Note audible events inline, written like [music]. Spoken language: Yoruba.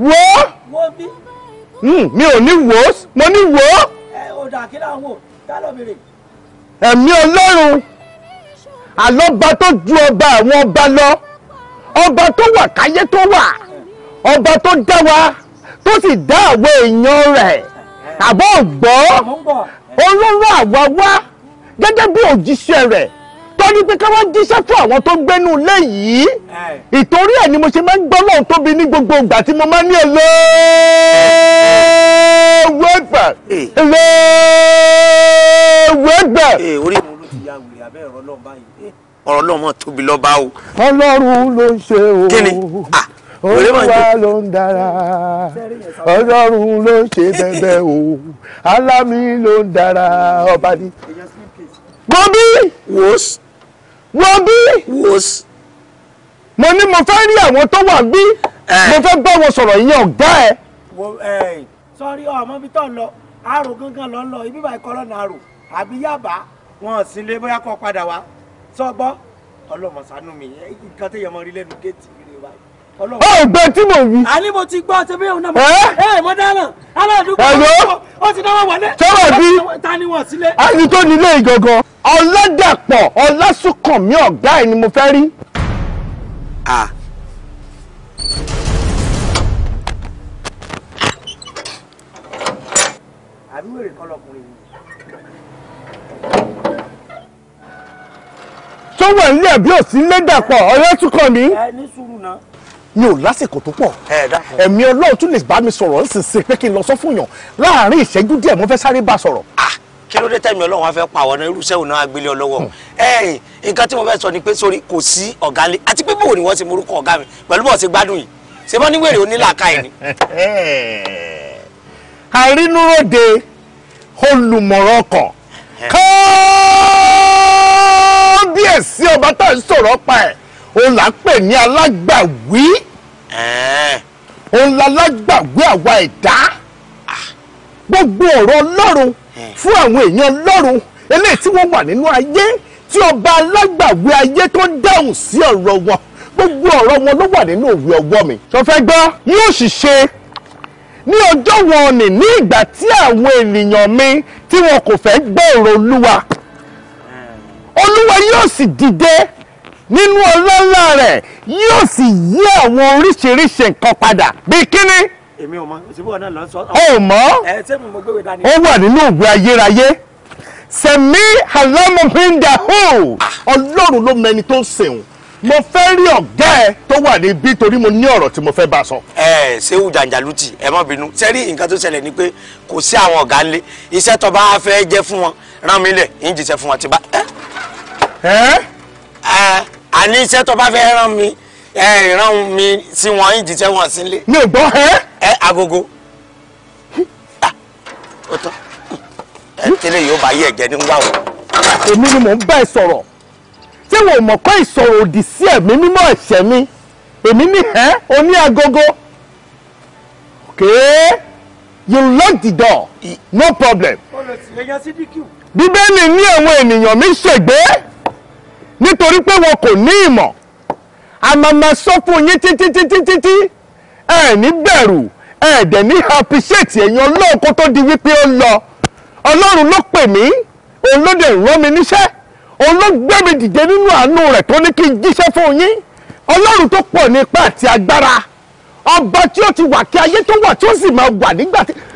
wo. wo bí. Hmm, mi ò ní wo mo ní wo. ẹ ò dà kí láwọn wò ká lọ bèrè. ẹ̀mí ọlọ́run àlọ́ba tó ju ọba àwọn ọba lọ ọba tó wà káyé tó wà ọba tó dá wa tó sì dá àwọn èèyàn rẹ̀ àbọ̀ ọ̀gbọ́ olóró àwa wá gẹ́gẹ́ bí òjíṣẹ́ rẹ̀ torí pé káwọn jíṣẹ́ fún àwọn tó gbénu ilé yìí ìtorí ẹ̀ ni mo ṣe máa ń gbọ́ tóbi ní gbogbo ìgbà tí mo máa ń ní ẹlẹ́wẹ́gbẹ̀ ẹlẹ́wẹ́gbẹ̀. Eh. Eh, orí mi ló ti ya wèrè abẹ́ ọ̀rọ̀ lọ́ọ̀ báyìí eh, ọ̀rọ̀ lọ́ọ̀ mọ̀ tóbi lọ́ba o. ọlọ́run ló ń ṣe o. kí ni ah, ló ń dára ọlọ́run ló ń ṣe bẹ́bẹ́ o alámi ló ń dára ọba ni. gbọ́bí. wòs wọ́n bí. wos. mo ní mo fẹ́ rí àwọn tó wà bí. mo fẹ́ bá wọn sọ̀rọ̀ ìyẹn ọ̀gá ẹ. sọrí ọmọ bíi tó ń lọ àrò gangan ló ń lọ ibi báyìí kọ́lọ́ náà rò àbí yàbá wọn ò sí ilé bóyá kọ́ padà wá sọ́gbọ́ ọlọ́mọ ṣàánú mi nǹkan tó yẹ mọ rí lẹ́nu géètì rẹ báyìí. ó gbẹ tí mo wí. àní mo ti gbọ́ ṣe bí òun náà mọ̀ ẹ́ mo dáná aládùúgbò ó ti dáwọ́ wọlé. sọ́wọ́ bí ta ni wọ́n sílé. àyè tó nílé ìgangan ọlọ́dàpọ̀ ọlásùnkànmí ọ̀gá ẹ̀ ni mo fẹ́ rí. a. àbí wèrè kọ́ lọkùnrin yìí. tó wà nílé ẹ̀bí òsì lẹ́dàpọ̀ ọlásùnkànmí. ẹ ní sùúrù náà mi ò lásìkò tó pọ̀ ẹ̀mí ọlọ́run tún lè bá mi sọ̀rọ̀ ń sì sè pé kí n lọ sọ fún yàn láàárín ìṣẹ́jú díẹ̀ mo fẹ́ sáré bá sọ̀rọ̀ kí ló dé tẹ̀mí ọlọ́run á fẹ́ pa àwọn irúṣẹ́ òun náà gbélé ọ lọ́wọ́ ẹ̀ẹ́n nǹkan tí mo fẹ́ sọ ni pé sórí kò sí ọ̀gá lé àti pé bòwò ni wọ́n ti morúkọ ọ̀gá mi pẹ̀lú bọ̀ sí gbádùn yìí ṣé wọ́n ní wèrè onílàka ẹ̀ ni. [laughs] àrínúròde olùmọ̀ràn ọkàn kábíyèsí ọba tá à sọ̀rọ̀ pa ẹ̀ òun là ń pè ní alágbàwí òun là alágbàwí àwa ẹ̀dá ah. gbogbo ọ̀rọ̀ ọlọ́run fún àwọn èèyàn lọ́run eléyìí tí wọ́n wà nínú ayé tí ọba alágbàwé ayé tó dáhùn sí ọ̀rọ̀ wọn gbogbo ọ̀rọ̀ wọn ló wà nínú òwe ọwọ́ mi. sọ fẹ́ gbọ́ ní òṣìṣẹ́ ní ọjọ́ wọn ni ní ìgbà tí àwọn ènìyàn mi tí wọn kò fẹ́ gbọ́ ọ̀rọ̀ olúwa olúwa yóò sì dìde nínú ọlọ́lá rẹ̀ yóò sì yí àwọn oríṣiríṣi nǹkan padà bí kíní èmi ò mọ òṣèlú ọ̀nà lọ sọ. ó mọ ó wà nínú òwe ayérayé sẹ̀mí alámọ̀pínda hù ọlọ́run ló mẹni tó ń sẹ̀wọ̀n mo fẹ́ rí ọ̀gá ẹ tó wà níbí torí mo ní ọ̀rọ̀ tí mo fẹ́ bá a sọ. ẹ ṣéwù jàǹjàlùtì ẹ má bínú sẹ́rí nǹkan tó ṣẹlẹ̀ ni pé kò sí àwọn ọ̀gá ńlẹ̀ iṣẹ́ tó bá fẹ́ jẹ́ fún wọn rán mi lẹ̀ ń jìṣẹ́ fún wọn ti bá. ẹ ẹ àní iṣẹ́ tó bá fẹ́ rán mi ẹ ìran mi sí wọn yìí jíṣẹ́ wọn sílé. mi ò gbọ́ ẹ. ẹ agogo ah, ó tán ẹ tẹ́lẹ̀ yóò bá yí ẹ̀jẹ̀ ní wá o. èmi ni mò ń bẹ́ẹ̀ sọ̀rọ̀ ṣé wọn ò mọ̀ pé ìsọ̀rọ̀ òdì sí ẹ̀mí mímọ́ ẹ̀ṣẹ̀ mi èmi ni ẹ oní agogo. okay you lock the door no problem. bíbélì ní àwọn ènìyàn mi ṣègbé nítorí pé wọn kò ní ìmọ̀ àmàmà sọ fún yín títí títí títí ẹ ní bẹ̀rù ẹ dẹ̀ ní appreciate ẹ̀yin ọlọ́run kó tó di wípé ó lọ ọlọ́run ló pè mí òun ló dẹ̀ rán mi níṣẹ́ òun ló gbé mi dìde nínú àánú rẹ̀ tó ní kí n jíṣẹ́ fún yín ọlọ́run tó pọ̀ ní ipá àti agbára ọba tí ó ti wà kí ayé tó wà tí ó sì máa wà nígbà tí